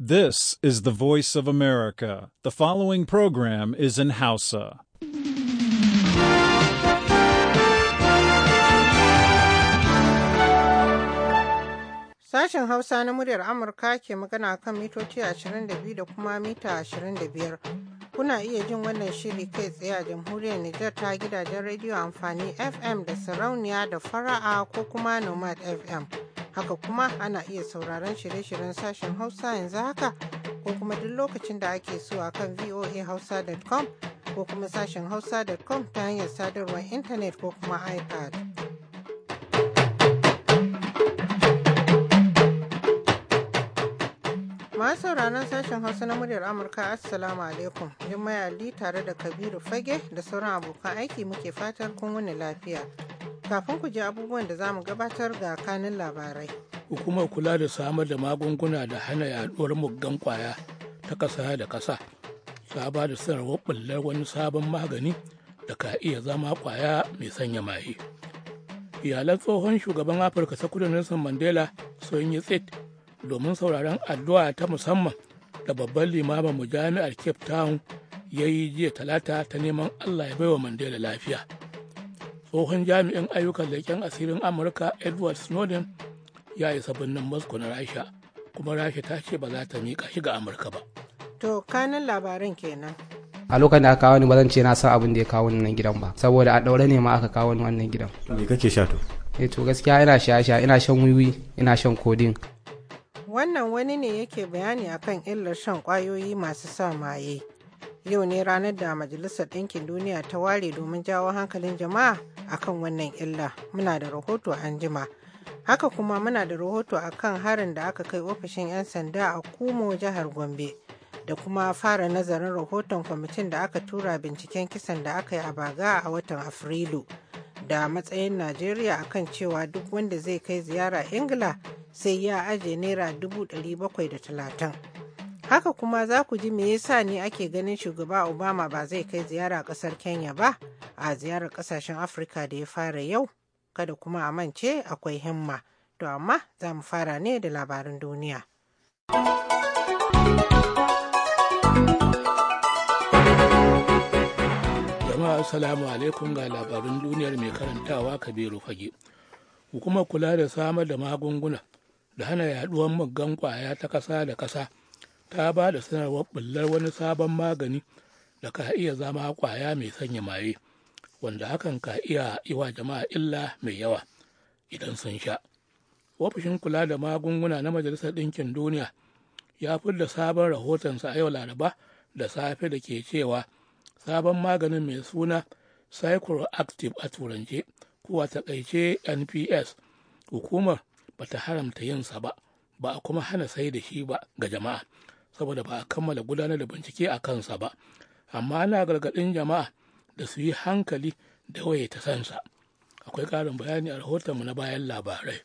This is the voice of America. The following program is in Hausa. Sashen Hausa na muryar Amurka ke magana kan mitoci 22 da kuma mita 25. Kuna iya jin wannan shiri kai tsaye a jamhuriyar Nijar ta gidajen rediyo amfani FM da sarauniya da fara'a ko kuma Nomad FM. haka kuma ana iya sauraron shirye-shiryen sashen hausa yanzu haka ko kuma duk lokacin da ake so a kan voahausa.com ko kuma sashen hausa.com ta hanyar sadarwar intanet ko kuma ipad masu sauraron sashen hausa na muryar amurka assalamu alaikum jimai ali tare da kabiru fage da sauran abokan aiki muke fatar kun wuni lafiya Kafin ku ji abubuwan da za mu gabatar ga kanin labarai. Hukumar kula da samar da magunguna da hana yaduwar muggan kwaya ta ƙasa da ƙasa ta ba da sanarwar bullar wani sabon magani da ka iya zama kwaya mai sanya maye. Iyalan tsohon shugaban Afirka ta kudu Nelson Mandela sun yi tsit domin sauraron addu'a ta musamman da babban limamin mu jami'ar Cape Town ya yi jiya talata ta neman Allah ya baiwa Mandela lafiya. tsohon jami'in ayyukan leƙen asirin amurka edward snowden ya yi sabbin moscow na rasha kuma rasha ta ce ba za ta miƙa shi ga amurka ba to kanin labarin kenan a lokacin da aka kawo ni ba zan ce na san abin da ya kawo nan gidan ba saboda a daure ne ma aka kawo ni wannan gidan me kake sha to eh to gaskiya ina sha sha ina shan wiwi ina shan kodin wannan wani ne yake bayani akan illar shan kwayoyi masu sa maye yau ne ranar da majalisar ɗinkin duniya ta ware domin jawo hankalin jama'a akan wannan illa muna da rahoto an jima haka kuma muna da rahoto akan harin da aka kai ofishin 'yan sanda a kumo jihar gombe da kuma fara nazarin rahoton kwamitin da aka tura binciken kisan da aka yi a baga a watan afrilu da matsayin najeriya akan cewa duk wanda zai kai ziyara ingila sai ya ajiye naira 730 Haka kuma za ku ji me ya sa ne ake ganin shugaba Obama ba zai kai ziyara ƙasar Kenya ba a ziyarar ƙasashen Afirka da ya fara yau. Kada kuma a mance akwai himma. To amma za mu fara ne da labarin duniya. Jama'a Assalamu alaikum ga labarin duniyar mai karantawa Kabiru Fage. Hukumar kula da samar da magunguna da hana yaduwar muggan kwaya ta kasa da ƙasa. ta ba da sanarwar bullar wani sabon magani da ka iya zama kwaya mai sanya maye wanda hakan ka iya iwa jama'a illa mai yawa idan sun sha ofishin kula da magunguna na majalisar ɗinkin duniya ya da sabon rahotonsa a yau laraba da safe da ke cewa sabon maganin mai suna psychoactive a turance ko a takaice nps hukumar ba ta haramta yinsa ba ba a kuma hana sai da shi ba ga jama'a saboda ba a kammala gudanar da bincike a kansa ba amma ana gargaɗin jama'a da su yi hankali da waye ta sansa akwai ƙarin bayani a rahotonmu na bayan labarai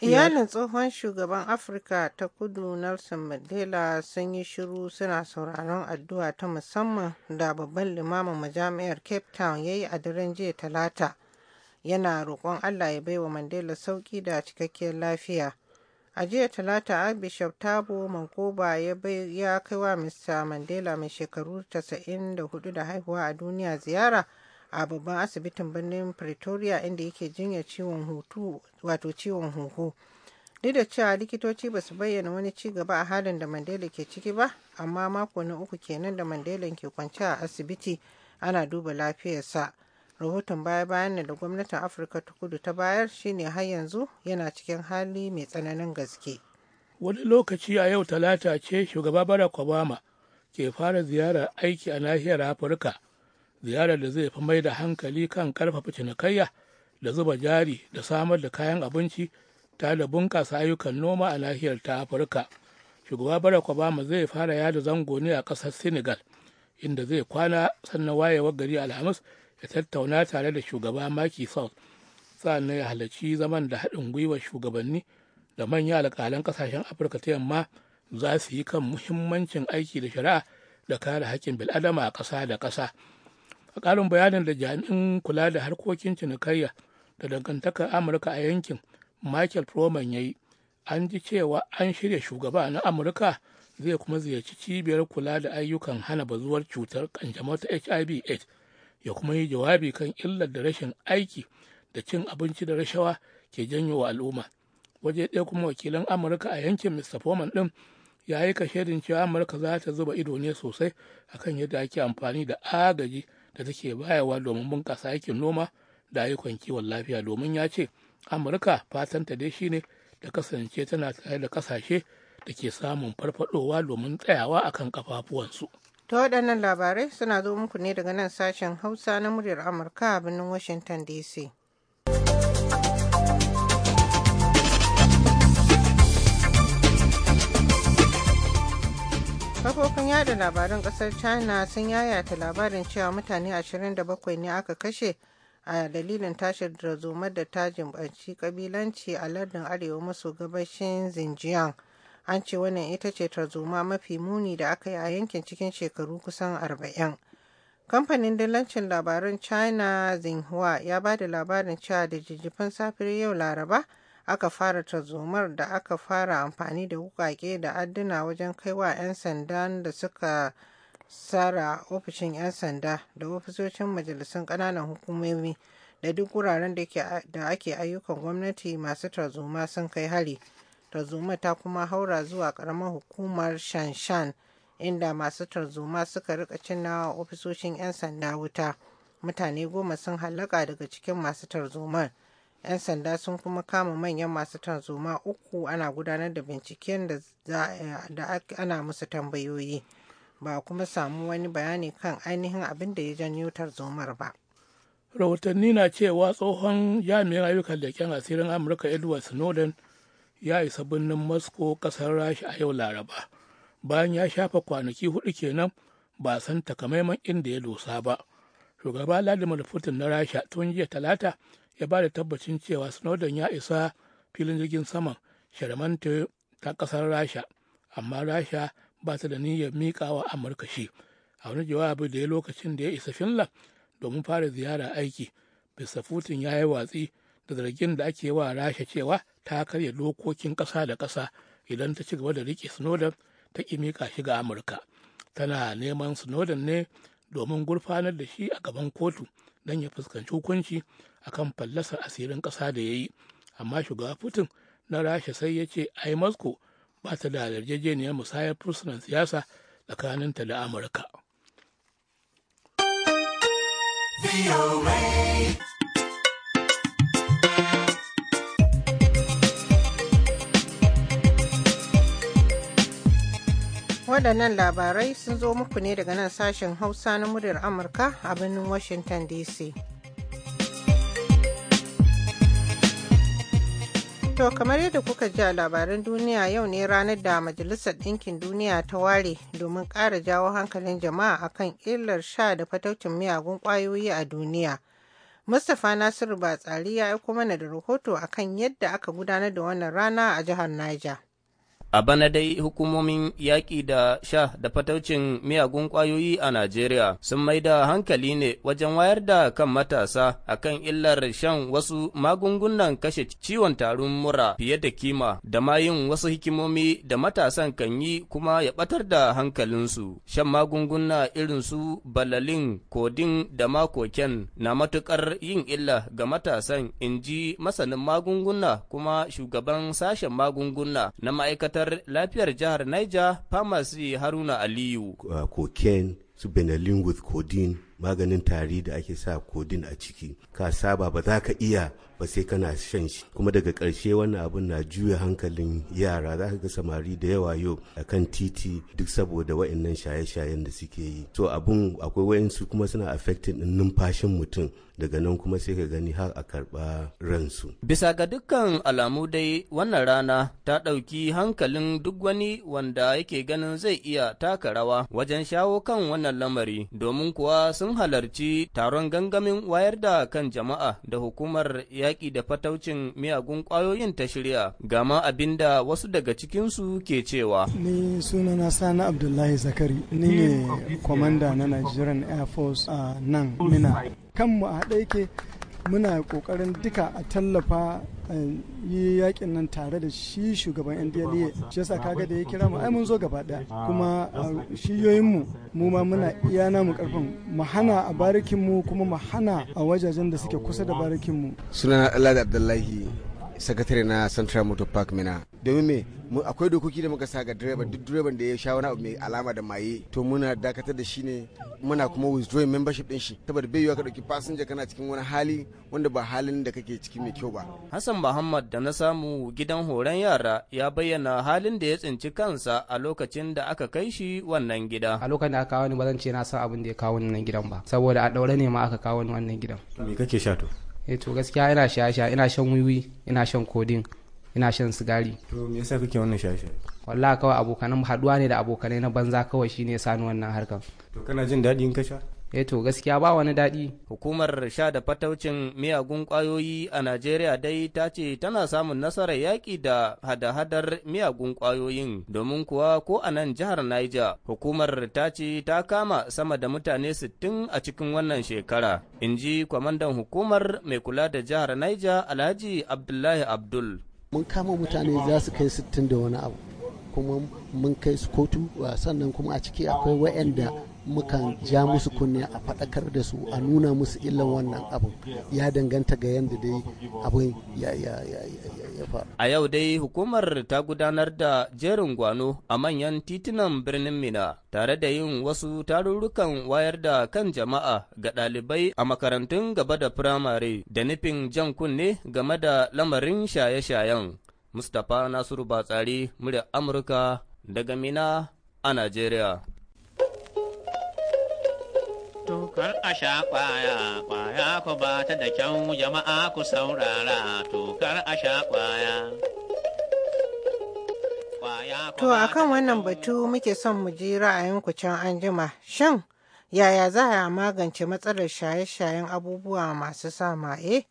iyalin tsohon shugaban afirka ta kudu nelson mandela sun yi shiru suna sauraron addu'a ta musamman da babban limamin majami'ar cape town ya yi a daren jiya talata yana roƙon allah ya baiwa mandela sauƙi da cikakkiyar lafiya a jiya talata archbishop tabo mankoba ya kai wa mr mandela mai shekaru 94 da haihuwa a duniya ziyara a babban asibitin birnin pretoria inda yake jinya ciwon hutu wato ciwon huhu duk da cewa likitoci ba su bayyana wani ci gaba a halin da mandela ke ciki ba amma mako na uku kenan da mandela ke kwance a asibiti ana duba lafiyarsa. rahoton baya-bayan da gwamnatin afirka ta kudu ta bayar shine har yanzu yana cikin hali mai tsananin gaske wani lokaci a yau talata ce shugaba barack obama ke fara ziyarar aiki a nahiyar afirka ziyarar da zai fi mai da hankali kan karfafa cinikayya da zuba jari da samar da kayan abinci ta da bunƙasa ayyukan noma a nahiyar ta afirka shugaba barack obama zai fara yada zango ne a ƙasar senegal inda zai kwana sannan wayewar gari alhamis ya tattauna tare da shugaba maki sa sannan ya halarci zaman da haɗin gwiwar shugabanni da manya alƙalan ƙasashen Afirka ta yamma za su yi kan muhimmancin aiki da shari'a da kare haƙƙin bil'adama a ƙasa da ƙasa. A ƙarin bayanin da jami'in kula da harkokin cinikayya da dangantakar Amurka a yankin Michael proman ya yi, an ji cewa an shirya shugaba na Amurka zai kuma ziyarci cibiyar kula da ayyukan hana bazuwar cutar kanjamau ta hiv aids ya kuma yi jawabi kan illar da rashin aiki da cin abinci da rashawa ke janyo wa al'umma waje ɗaya kuma wakilan amurka a yankin mr foreman ɗin ya yi shaidin cewa amurka za ta zuba ido ne sosai akan yadda ake amfani da agaji da take bayarwa domin bunƙasa aikin noma da ayyukan kiwon lafiya domin ya ce amurka fatanta dai shine da kasance tana tare da ƙasashe da ke samun farfadowa domin tsayawa akan kafafuwansu. ta waɗannan labarai suna zo muku ne daga nan sashen hausa na muryar amurka a birnin washington dc kafofin yada labaran ƙasar china sun yayata labarin cewa mutane 27 ne aka kashe a dalilin tashin da da ta jimbanci kabilanci a lardin arewa maso gabashin xinjiang an ce wannan ita ce tarzoma mafi muni da aka yi a yankin cikin shekaru kusan arba'in. kamfanin dillancin labarun china xinhua ya ba da labarin cewa da jijjifin safiyar yau laraba aka fara tarzomar da aka fara amfani da wukake da adduna wajen kaiwa 'yan sandan da suka tsara ofishin 'yan sanda da ofisocin majalisun ƙananan hukumomi da duk wuraren da ake ayyukan gwamnati masu tarzoma sun kai hari tarzoma ta kuma haura zuwa karamar hukumar shanshan inda masu tarzoma suka rika cinnawa ofisoshin 'yan sanda wuta mutane goma sun hallaka daga cikin masu tarzoma 'yan sanda sun kuma kama manyan masu tarzoma uku ana gudanar da binciken da ana musu tambayoyi ba kuma samu wani bayani kan ainihin abin da ya janyo tarzomar ba rahotanni na cewa tsohon jami'in ayyukan leken asirin amurka edward snowden ya isa birnin moscow kasar rasha a yau laraba bayan ya shafa kwanaki hudu kenan ba san takamaiman inda ya dosa ba shugaba vladimir putin na rasha tun jiya talata ya ba da tabbacin cewa snowden ya isa filin jirgin saman sharmanta ta kasar rasha amma rasha ba ta da niyyar miƙa wa amurka shi a wani jawabi da ya lokacin da ya isa finland domin fara ziyara aiki bisa putin ya yi watsi da zargin da ake wa rasha cewa ta karya dokokin ƙasa da ƙasa idan ta ci gaba da riƙe snowden ta ƙi mika shi ga amurka tana neman snowden ne domin gurfanar da shi a gaban kotu don ya fuskanci hukunci a kan fallasar asirin ƙasa da ya yi amma shugaba putin na rasha sai ya ce ai moscow ba ta da yarjejeniyar musayar fursunan siyasa tsakaninta da amurka. waɗannan labarai sun zo muku ne daga nan sashen hausa na muryar amurka a birnin washington dc to kamar yadda kuka ji a labaran duniya yau ne ranar da majalisar ɗinkin duniya ta ware domin ƙara jawo hankalin jama'a akan illar sha da fataucin miyagun ƙwayoyi a duniya mustapha nasiru batsari ya aiko mana da rahoto akan yadda aka gudanar da wannan rana a jihar niger A bana dai hukumomin yaƙi da sha da fataucin miyagun ƙwayoyi a Najeriya sun mai da hankali ne wajen wayar da kan matasa a kan illar shan wasu magungunan kashe ciwon tarin mura fiye da kima da mayin wasu hikimomi da matasan kan yi kuma ya ɓatar da hankalinsu. Shan magunguna irin su balalin, kodin da makoken na matuƙar yin illa ga matasan in ji masanin magunguna kuma shugaban sashen magunguna na ma'aikatar ma'aikatar lafiyar jihar Niger Pharmacy Haruna Aliyu. Uh, cocaine, su so Benelin with codeine, maganin tari da ake sa kodin a ciki ka saba ba za ka iya ba sai kana shan shi kuma daga karshe wannan abun na juya hankalin yara za ka ga samari da yawa yau a kan titi duk saboda wa'annan shaye-shayen da suke yi to abun akwai wa'insu kuma suna affecting din numfashin mutum daga nan kuma sai ka gani har a karɓa ransu bisa ga dukkan alamu dai wannan rana ta ɗauki hankalin duk wani wanda yake ganin zai iya taka rawa wajen shawo kan wannan lamari domin kuwa sun sun halarci taron gangamin wayar da kan jama'a da hukumar yaƙi da fataucin miyagun ƙwayoyin ta shirya gama abin da wasu daga cikinsu ke cewa. Ni sunana Sani Abdullahi Zakari, ni ne kwamanda na Nigerian Air Force a nan Mina. Kanmu a ɗaike muna ƙoƙarin duka a tallafa Eh, yi yakin nan tare da shi shugaban ndla shi yasa kaga da ya kira mu ai mun zo gaba daya ah, kuma ah, shiyoyinmu mu ma muna iya namu karfin mu hana a barikinmu kuma mu hana a wajajen da suke kusa da barikinmu sunana Allah da Abdullahi sakatare na central motor park mina domin me akwai dokoki da muka sa ga direba duk direban da ya sha wani abu mai alama da maye to muna dakatar da shi ne muna kuma withdrawing membership din shi saboda bai yiwa ka dauki passenger kana cikin wani hali wanda ba halin da kake cikin mai kyau ba Hassan Muhammad da na samu gidan horon yara ya bayyana halin da ya tsinci kansa a lokacin da aka kai shi wannan gida a lokacin da aka kawo ni ba ce na san abin da ya kawo ni nan gidan ba saboda a daure ne ma aka kawo ni wannan gidan me kake sha to eh to gaskiya ina shaye sha ina shan wiwi ina shan kodin ina shan sigari to me yasa kake wannan shaye-shaye wallahi kawai abokanan haduwa ne da abokanai na banza kawai shine ya sani wannan harkan to kana jin daɗi in ka sha eh to gaskiya ba wani daɗi. Hukumar sha da fataucin miyagun ƙwayoyi a Najeriya dai ta ce tana samun nasarar yaƙi da hada-hadar miyagun ƙwayoyin domin kuwa ko a nan jihar Niger hukumar ta ce ta kama sama da mutane 60 a cikin wannan shekara. In ji kwamandan hukumar mai kula da jihar Niger Alhaji Abdullahi Abdul. Mun kama mutane za su kai 60 da wani abu. kuma mun kai su kotu sannan kuma a ciki akwai waɗanda muka ja musu kunne a faɗakar da su a nuna musu illan wannan abin ya danganta ga yadda dai abin ya faru. A yau dai hukumar ta gudanar da jerin gwano a manyan titunan birnin Mina tare da yin wasu tarurrukan wayar da kan jama'a ga ɗalibai a makarantun gaba da firamare da nufin jan kunne game da lamarin shaye-shayen. Mustapha Nasiru Batsari, murya Amurka daga Mina a Najeriya. Tukar a sha kwaya, kwaya ku ba ta da kyau jama'a ku saurara, tukar a sha kwaya. To a kan wannan batu muke son mu ji ra'ayinku can an jima. Shin yaya za a magance matsalar shaye-shayen abubuwa masu sa maye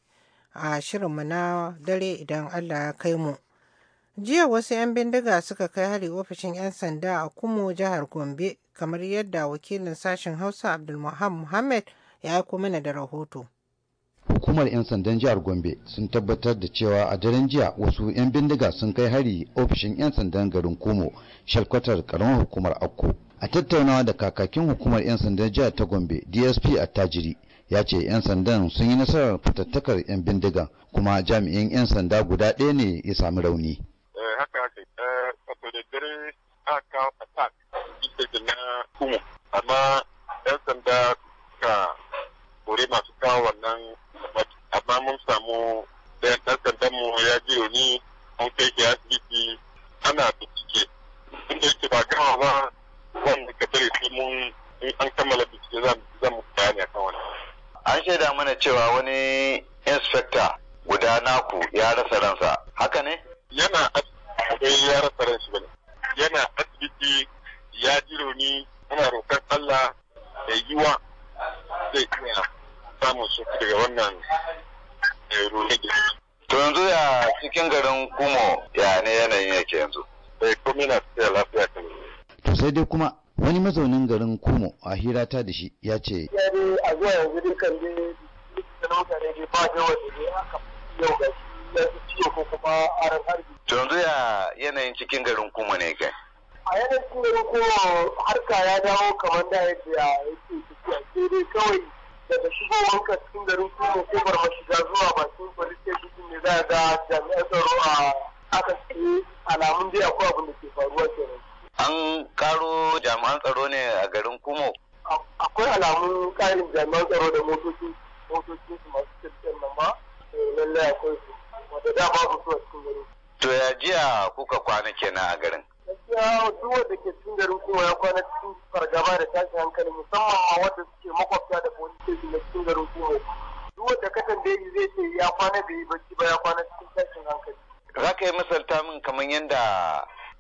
a shirinmu na dare idan Allah ya kai mu. Jiya wasu 'yan bindiga suka kai hari ofishin 'yan sanda a Kumo jihar Gombe kamar yadda wakilin sashen Hausa Abdulmuhammad Muhammad ya aiko mana da rahoto. hukumar 'yan sandan jihar gombe sun tabbatar da cewa a daren jiya wasu 'yan bindiga sun kai hari ofishin 'yan sandan garin kumo shalkwatar karamar hukumar akko a tattaunawa da kakakin hukumar 'yan sandan jihar ta gombe dsp attajiri ya ce 'yan sandan sun yi nasarar fitattakar 'yan bindiga kuma jami'in 'yan sanda guda ɗaya ne ya sami rauni Eh, haka haka eh, wato da dare a kawo attack da na kumu amma yan sanda suka kore masu kawo wannan amma mun samu ɗayan ɗan sandan mu ya ji ni an kai shi asibiti ana bincike tun da yake ba gama ba wanda ka tare sai mun in an kammala bincike zan mu bayani akan wani. an shaida mana cewa wani inspector guda naku ya rasa ransa haka ne? yana asibiti ya rasa ran shi bane yana asibiti ya ji rauni muna roƙar Allah da yiwa zai iya samun su daga wannan eh, rauni to yanzu ya cikin garin kumo ya ne yanayin yake yanzu bai eh, komi na tafiya lafiya kan to sai dai kuma wani mazaunin garin kumo a hirata da shi ya ce a zuwa yanzu dukkan ne ba yau ya ko kuma aran harbi. yanzu ya yanayin cikin garin kuma ne kai. A yanayin cikin garin kuma harka ya dawo kamar da yadda yake tafiya sai dai kawai daga shigowar ka cikin garin kuma ko bar shiga zuwa bakin police station ne za a ga jami'an tsaro a aka ce alamun dai akwai abin da ke faruwa kenan. An karo jami'an tsaro ne a garin Kumo. Akwai alamun karin jami'an tsaro da motoci motoci su masu cikin nan ma eh, lallai akwai su. wanda da babu su a cikin garin. To ya jiya kuka kwana kenan a garin? Gaskiya duk wanda ke cikin garin kuma ya kwana cikin fargaba da tashin hankali musamman ma wanda suke makwabta da police station na cikin garin kuma. Duk wanda ka tambaye zai ce ya kwana da yi bacci ba ya kwana cikin tashin hankali. Za ka yi misalta min kamar yadda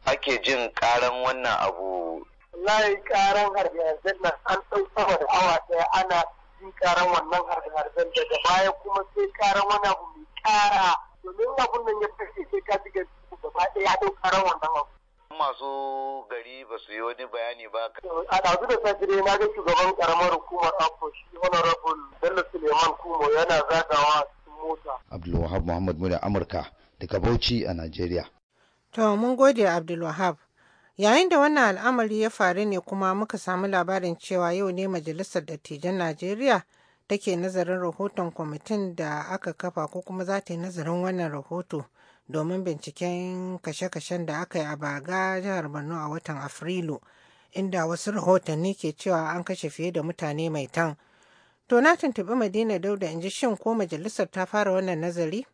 ake jin karan wannan abu. Wallahi karan harbe-harben nan an ɗau sama da awa ɗaya ana jin karan wannan harbe-harben daga baya kuma sai karan wani abu mai kara domin abun nan ya fashe sai ka ji gari gaba ɗaya ya ɗauka wannan abu. masu gari ba su yi wani bayani ba. ka. a ɗazu da safe ne na ga shugaban ƙaramar hukumar afro shi honorable bello suleiman kumo yana zagawa mota. abdulwahab muhammad muna amurka daga bauchi a najeriya. to mun gode abdulwahab. Yayin da wannan al'amari ya faru ne kuma muka samu labarin cewa yau ne Majalisar Dattijan Najeriya take nazarin rahoton kwamitin da aka kafa ko kuma za ta yi nazarin wannan rahoto domin binciken kashe-kashen da aka yi a baga jihar borno a watan afrilu inda wasu rahotanni ke cewa an kashe fiye da mutane mai tan to na tuntuɓi madina dauda in ji shin ko majalisar ta fara wannan nazari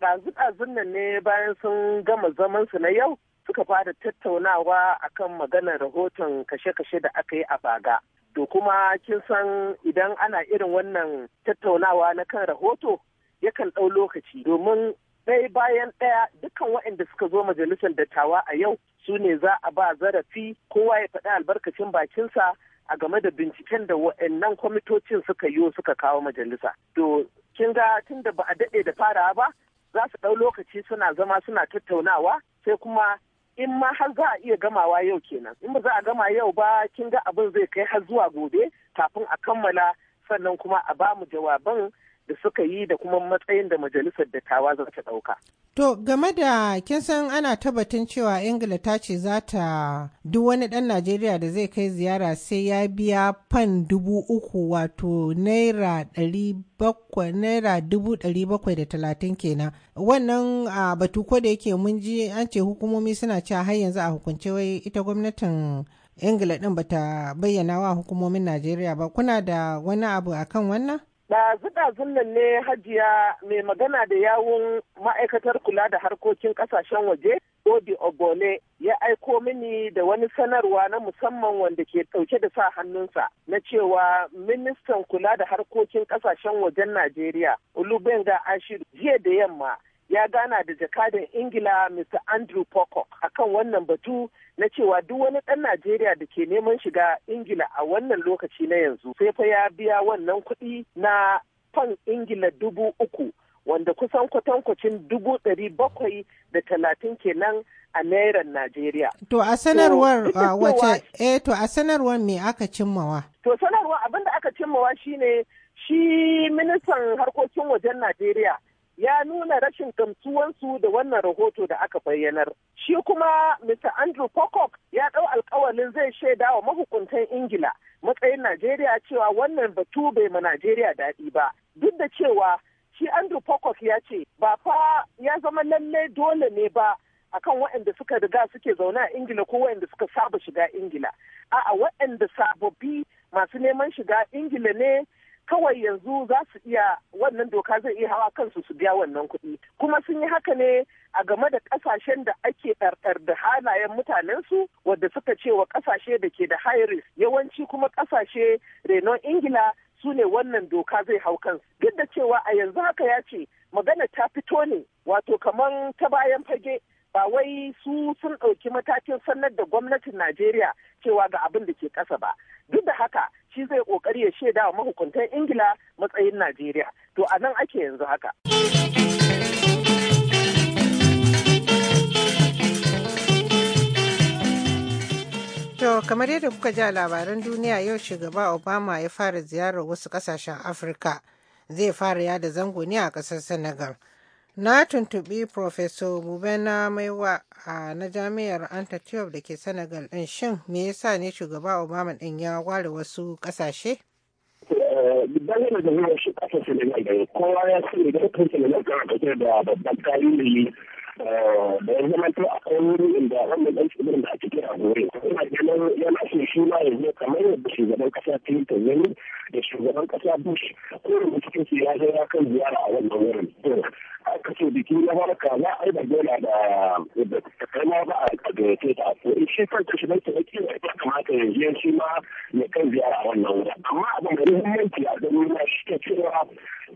ɗazu-ɗazun nan ne bayan sun gama zaman su na yau suka fara tattaunawa akan maganar rahoton kashe-kashe da aka yi a baga To kuma kin san idan ana irin wannan tattaunawa na kan rahoto yakan ɗau lokaci domin ɗaya bayan ɗaya dukkan waɗanda suka zo majalisar dattawa a yau su ne za a ba zarafi kowa ya faɗi albarkacin bakinsa a game da binciken da waɗannan kwamitocin suka yi suka kawo majalisa. To kin ga tun da ba a daɗe da farawa ba za su ɗau lokaci suna zama suna tattaunawa sai kuma in ma har za a iya gamawa yau kenan in ba za a gama yau ba kin ga abin zai kai har zuwa gobe kafin a kammala sannan kuma a bamu jawaban da suka yi da kuma matsayin da majalisar dattawa za ta ɗauka. To game da kin san ana tabbatin cewa Ingila ta ce za ta duk wani ɗan Najeriya da zai kai ziyara sai ya biya fan dubu uku wato naira ɗari bakwai naira dubu ɗari bakwai da talatin kenan wannan a batu ko da yake mun ji an ce hukumomi suna cewa har yanzu a hukunce wai ita gwamnatin ingila ɗin bata bayyana wa hukumomin najeriya ba kuna da wani abu akan wannan Ɗazu-ɗazun nan ne hajiya mai magana da yawun ma'aikatar kula da harkokin ƙasashen waje, Obi Ogone, ya aiko mini da wani sanarwa na musamman wanda ke ɗauke da sa hannunsa na cewa ministan kula da harkokin ƙasashen wajen Najeriya, Olubenga Ashiru, jiya da yamma ya gana da jakadan ingila mr andrew pocock akan wannan batu na cewa duk wani ɗan najeriya da ke neman shiga ingila a wannan lokaci na yanzu sai fa ya biya wannan kuɗi na fan ingila dubu uku wanda kusan kwatankwacin dubu ɗari bakwai da talatin kenan a nairan Najeriya. To a sanarwar uh, wace eh to a sanarwar me aka cimmawa? To sanarwa abin da aka cimmawa shine shi ministan harkokin wajen Najeriya ya nuna rashin gamsuwansu da wannan rahoto da aka bayyanar. Shi kuma Mr. Andrew Pocock ya ɗau alkawalin zai shaida wa mahukuntan Ingila matsayin Najeriya cewa wannan batu bai ma Najeriya daɗi ba. Duk da cewa shi Andrew Pocock ya ce ba fa ya zama lalle dole ne ba akan waɗanda suka riga suke zaune a Ingila ko waɗanda suka saba shiga Ingila. A'a waɗanda sababbi masu neman shiga Ingila ne kawai yanzu za su iya wannan doka zai iya hawa kansu su biya wannan kuɗi kuma sun yi haka ne a game da ƙasashen da ake ɗarɗar da halayen mutanensu wadda suka ce wa ƙasashe da ke da high risk yawanci kuma ƙasashe renon ingila su ne wannan doka zai hau kansu duk da cewa a yanzu haka ya ce magana ta fito ne wato kaman ta bayan fage ba wai su sun ɗauki matakin sanar da gwamnatin Najeriya cewa ga abin da ke ƙasa ba. Duk da haka shi zai ƙoƙari ya shaida wa mahukuntan Ingila matsayin Najeriya. To a nan ake yanzu haka. To kamar yadda kuka ji a labaran duniya yau shugaba Obama ya fara ziyarar wasu ƙasashen Afirka zai fara yada zango ne a ƙasar Senegal. Na tuntuɓi Professor Mubena Maiwa a na jami'ar Anta da ke Senegal ɗin shin me yasa ne shugaba Obama ɗin ya ware wasu ƙasashe? Eh, yana da zuwa shi ƙasa Senegal da kowa ya sani da kan Senegal tana ɗauke da babban tarihi da ya zama to akwai wuri inda wannan dan tsibirin da ake kira gore kuma ganin yana so shi ma ya zo kamar yadda shugaban kasa Clinton yayi da shugaban kasa Bush ko da cikin su ya ya kan ziyara a wannan wurin to aka ce biki na haraka za a yi da dole da takama ba a gayyace ta to in shi kanta shi dan tsaki kiwa ya kamata ya je shi ma ya kan ziyara a wannan wurin amma abin da muhimmanci a ganin ma shi ke cewa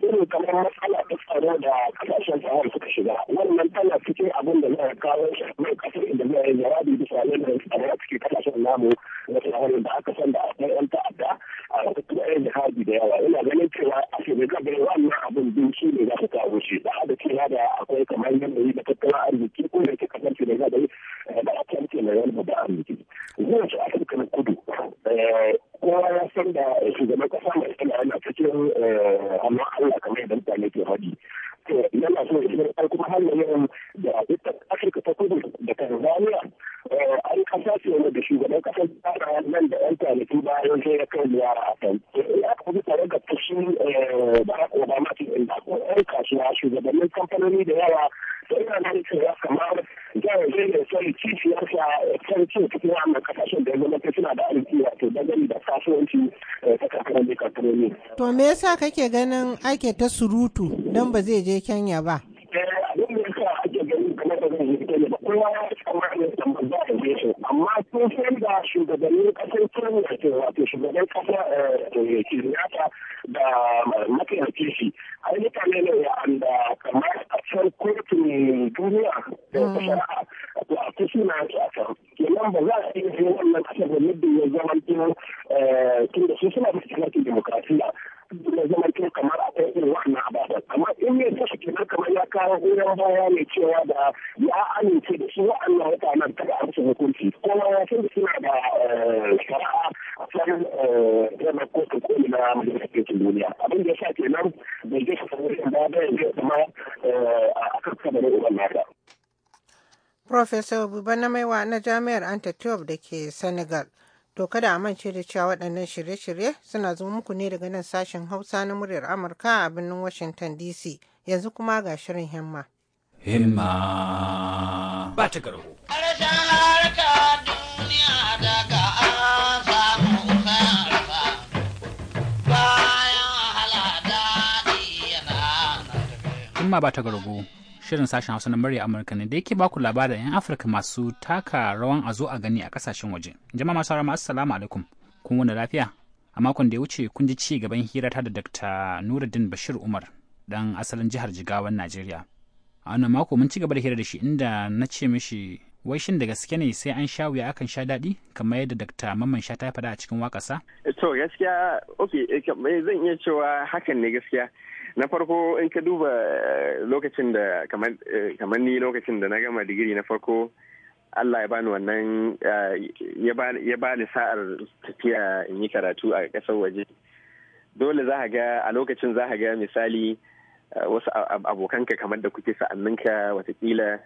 irin kamar matsala ta tsaro da kasashen sahel suka shiga wannan tana cikin abin da zai kawo shi a kasar inda zai yi jawabi bisa lamarin tsaro a cikin kasashen namu na tsaro da aka san da akwai yan ta'adda a wata kuma yan jihadi da yawa yana ganin cewa a shirya gabar wannan abin biyu shi ne za su kawo shi da haɗa cewa da akwai kamar yanayi da tattalin arziki ko da ke kasar shi da za da eh, a can ke na yan da arziki. Zuwa shi Afirka na kudu eh, kowa ya san da shugaban kasa mai tana yana cikin eh, amma Allah kamar yadda mutane ke faɗi. Yana so ya kuma har yawan da afirka ta kudu da tanzania eh, an kasa ce da shugaban kasar tsara nan da yan kwanaki bayan sai ya kai ziyara a kan eh, ya kuma tare da fushi eh, barak obama ce inda ko yan kasuwa shugabannin kamfanoni da yawa da ina nan cewa kamar jihar zai ne sai kishiyarsa kan cin cikin wannan kasashen da ya zama suna da aiki wato dangane da kasuwanci ta kakarar da to me yasa kake ganin ake ta surutu don ba zai je kenya ba. zan yi tsaye ba kowa ya fi kamar da tambar za a je su amma sun san da shugabannin kasar turmiya ke wato shugaban kasa kiriyata da mataimakin shi ai mutane ne wa'anda kamar a can kotun duniya da shari'a to a kusa na yake a can kenan ba za a iya yin wannan kasar da yadda ya zama tun da su suna da demokrasiya da zama kamar akwai irin wannan abu tabbas amma in ya tashi kenan kamar ya kawo goyon baya ne cewa da ya amince da su wa'annan mutanen kada a musu hukunci kuma ya san suna da eh, shari'a a tsarin yanar eh, kotun koli na majalisar ɗinkin duniya abin da ya sa kenan bai je shi saboda ba ya ya zama a kan kama da uban nata. Profesor Buba na Maiwa na Jami'ar Antatiop da ke Senegal. To kada a mance da cewa waɗannan shirye-shirye suna zo muku ne daga nan sashen Hausa na muryar Amurka a birnin Washington DC. Yanzu kuma ga shirin himma. Himma ba ta garho. Himma ba ta shirin sashen hausa na murya amurka ne da yake baku labarin 'yan afirka masu taka rawan a zo a gani a kasashen waje jama'a masu rama assalamu alaikum kun wani lafiya a makon da ya wuce kun ji ci gaban hira hirata da dr nuruddin bashir umar dan asalin jihar jigawan najeriya a wannan mako mun ci gaba da hira da shi inda na ce mishi wai shin da gaske ne sai an sha wuya akan sha daɗi kamar yadda dr mamman sha ta faɗa a cikin wakasa? to gaskiya ok eh, zan iya cewa hakan ne gaskiya na farko in ka duba eh, lokacin da eh, kamar ni lokacin da na gama digiri na farko allah ya bani wannan eh, ya bani sa'ar tafiya in yi karatu a kasar waje dole za ga a lokacin za ga misali wasu abokanka kamar da kuke sa'anninka watakila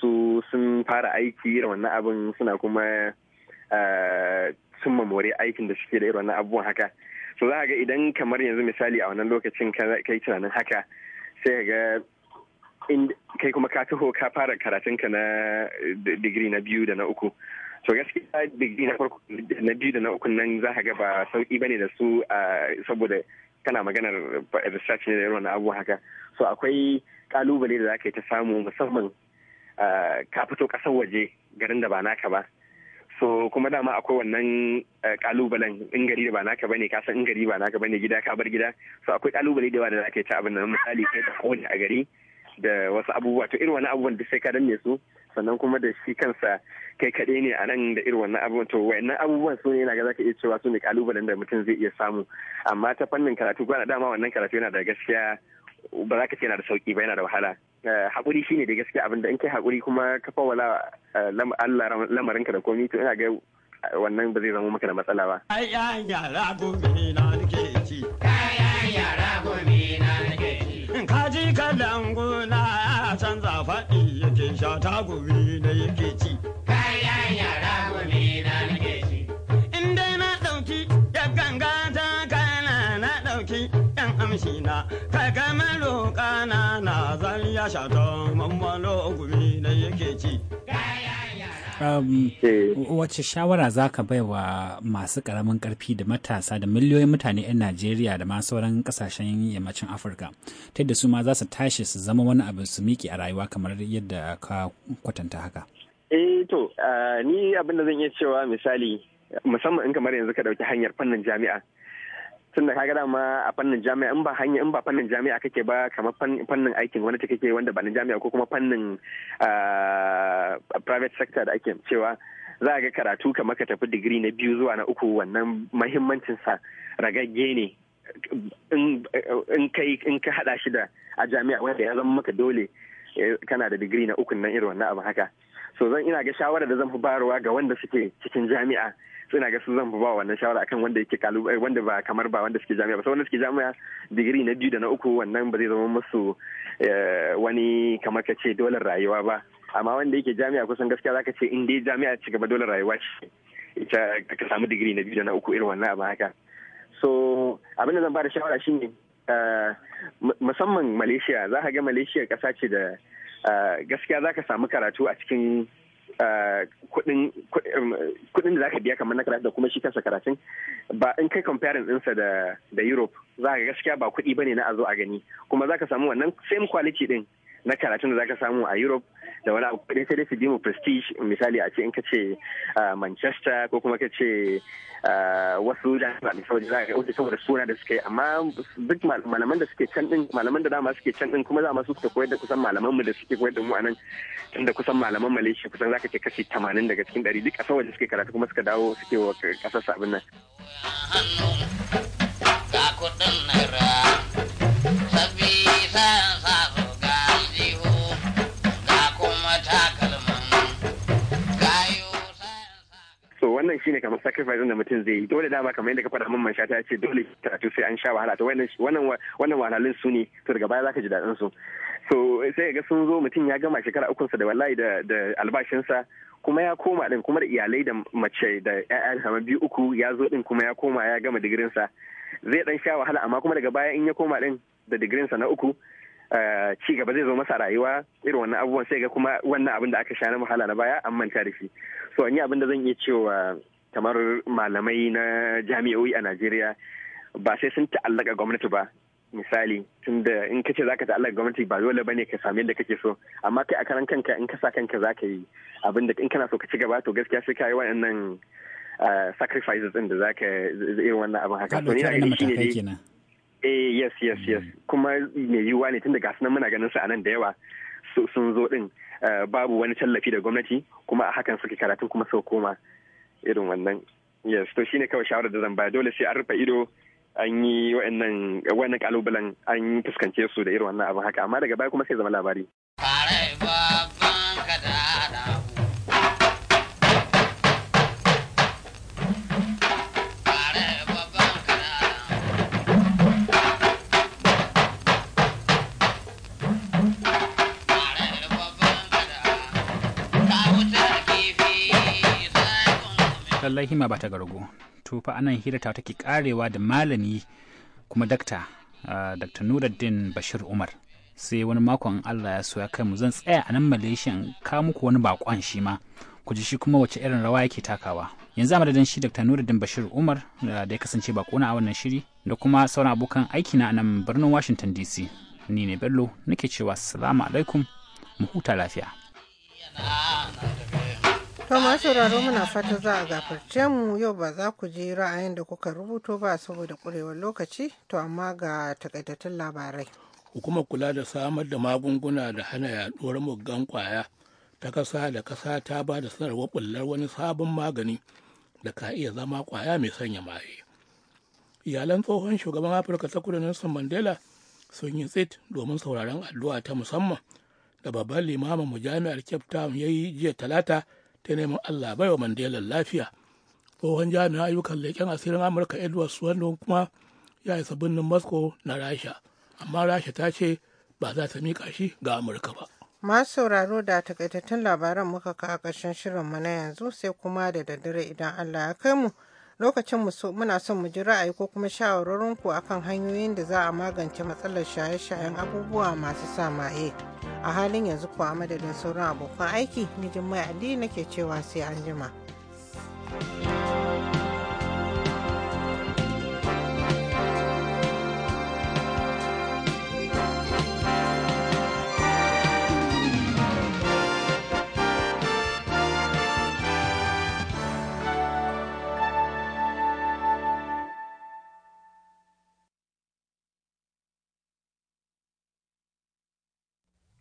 su sun fara aiki irin wannan abin suna kuma sun mamore aikin da suke da irin wannan abubuwan haka so za ga idan kamar yanzu misali a wannan lokacin yi tunanin haka sai ga kai kuma ka taho ka fara karatunka na digiri na biyu da na uku to gaskiya digiri na farko na biyu da na uku nan za ka ga ba sauki bane da su saboda kana maganar research ne da irin wani abu haka so akwai kalubale da za ka yi ta samu musamman ka fito ƙasar waje garin da ba naka ba so kuma dama akwai wannan kalubalen eh, in gari da ba naka bane ka san in gari ba naka bane gida ka bar gida so akwai kalubale da yawa da zaka yi ta abin nan misali kai da kowane a gari da wasu abubuwa to irin wani abubuwan da sai ka danne su sannan kuma da shi kansa kai kaɗai ne a nan da irin wannan abubuwan to wayannan abubuwan su ne ga zaka iya cewa su ne kalubalen da mutum zai iya samu amma ta fannin karatu gwana dama wannan karatu yana da gaskiya ba za ka ce yana da sauki ba yana da wahala eh, haƙuri shine da gaskiya abin da in kai haƙuri kuma ka fawala eh, Allah ka da komi, to ina ga eh, wannan ba zai zama maka da matsala ba. Kayan yara gobe na nake ci. Ka ji kalangu na canza faɗi yake sha ta gobe na yake ci. shina na kana na zan ya shato gumi da yake ci um, eh. Wace shawara za ka bai wa masu karamin karfi da matasa da miliyoyin mutane 'yan Najeriya da masu sauran kasashen yammacin Afirka, ta yadda su ma za su tashi su zama wani abu su miki a rayuwa kamar yadda ka kwatanta haka? Eh to, ah, ni abin da zan iya cewa misali, musamman in kamar yanzu ka ɗauki hanyar fannin jami'a. tunda kaga dama a fannin jami'a in ba hanya in ba fannin jami'a kake ba kamar fannin aikin wani kake wanda ba na jami'a ko kuma fannin ah, private sector da ake cewa za ga karatu kamar ka tafi digiri na biyu zuwa na uku wannan mahimmancinsa ragagge ne in kai in ka hada shi da a jami'a wanda ya zama maka dole eh, kana da digiri na uku nan irin wannan abu haka so zan ina ga shawara da zan fi bayarwa ga wanda suke cikin jami'a so ina ga su zan ba wannan shawara akan wanda yake eh, wanda ba kamar ba wanda suke jami'a ba wanda suke jami'a digiri na biyu da na uku wannan ba zai zama musu eh, wani kamar ka ce dolar rayuwa ba amma wanda yake jami'a kusan gaskiya zaka ce in dai jami'a ci gaba dolar rayuwa ce ita ka samu digiri na biyu da na uku irin wannan abu haka so abin da zan ba da shawara shine eh, musamman malaysia za ka ga malaysia kasa ce da gaskiya za ka samu karatu a cikin kudin da zaka biya kamar na karatu da kuma shi kansa karatun ba in kai comparing ɗinsa da da Europe za ka gaskiya ba kuɗi ne na a zo a gani kuma za ka samu wannan same quality din na karatun da zaka samu a Europe da wani abu kudin sai dai su bi mu prestige misali a ce in ka ce Manchester ko kuma ka ce wasu da ba za ka wuce saboda suna da suke amma duk malaman da suke can din malaman da dama suke can din kuma za su suka koyar da kusan malaman mu da suke koyar da mu a tun tunda kusan malaman Malaysia kusan zaka ce kashi 80 daga cikin 100 duk a saboda suke karatu kuma suka dawo suke wa kasar sabin nan. wannan shine kamar sacrifice da mutum zai yi dole dama kamar yadda ka faɗa mamman mansha ta ce dole karatu sai an sha wahala to wannan wannan wahalhalun su ne to daga baya zaka ji daɗin su so sai ga sun zo mutum ya gama shekara ukunsa da wallahi da albashinsa kuma ya koma din kuma da iyalai da mace da ƴaƴan kamar biyu uku ya zo din kuma ya koma ya gama digirinsa zai dan sha wahala amma kuma daga baya in ya koma din da digirinsa na uku Eh, ci gaba zai zo masa rayuwa irin wannan abubuwan sai ga kuma wannan abin da aka sha na wahala na baya an manta da shi so an yi abin da zan iya cewa kamar malamai na jami'o'i a najeriya ba sai sun ta'allaka gwamnati ba misali tunda in kace zaka ta'allaka gwamnati ba dole bane ka sami yadda kake so amma kai a karan kanka in ka sa kanka zaka yi abin da in kana so ka ci gaba to gaskiya sai ka yi eh, sacrifices din da zaka irin wannan abin haka to ni na shi ne eh yes yes yes mm. kuma mai yiwuwa ne tun da gasu nan muna ganin su a nan da yawa sun zo din eh, babu wani tallafi da gwamnati kuma a hakan suke karatu kuma sau koma irin wannan yes to shine kawai shawarar da zan baya dole sai an rufe ido an yi wa'annan wannan kalubalen an fuskance su da irin wannan abin haka amma daga baya kuma sai zama labari wallahi hima ba ta gargo to anan hira ta take karewa da malami kuma dakta dr nuruddin bashir umar sai wani makon allah ya so ya kai mu zan tsaya a nan malaysia in ka muku wani bakon shi ma ku ji shi kuma wace irin rawa yake takawa yanzu a madadin shi dr nuruddin bashir umar da ya kasance bakona a wannan shiri da kuma sauran abokan aiki na nan birnin washington dc ni ne bello nake cewa salamu alaikum mu huta lafiya To ma sauraro muna fata za a gafarce mu yau ba za ku ji ra'ayin da kuka rubuto ba saboda kurewar lokaci to amma ga takaitattun labarai. Hukumar kula da samar da magunguna da hana yaduwar muggan kwaya ta kasa da kasa ta ba da sanarwar bullar wani sabon magani da ka iya zama kwaya mai sanya maye. Iyalan tsohon shugaban Afirka ta kudu Nelson Mandela sun yi tsit domin sauraron addu'a ta musamman da babban limamin mu jami'ar Cape Town ya yi jiya talata ta neman allah baiwa mandela lafiya tsohon jami'an ayyukan leƙen asirin amurka edward wanda kuma ya isa birnin moscow na rasha amma rasha ta ce ba za ta miƙa shi ga amurka ba masu sauraro da takaitattun labaran muka kawo ƙarshen shirinmu na yanzu sai kuma da daddare idan allah ya kai mu lokacin mu muna son mu ji ra'ayi ko kuma a akan hanyoyin da za a magance matsalar shaye-shayen abubuwa masu sa maye a halin yanzu kuwa madadin sauran abokan aiki ni mai ali nake cewa sai an jima.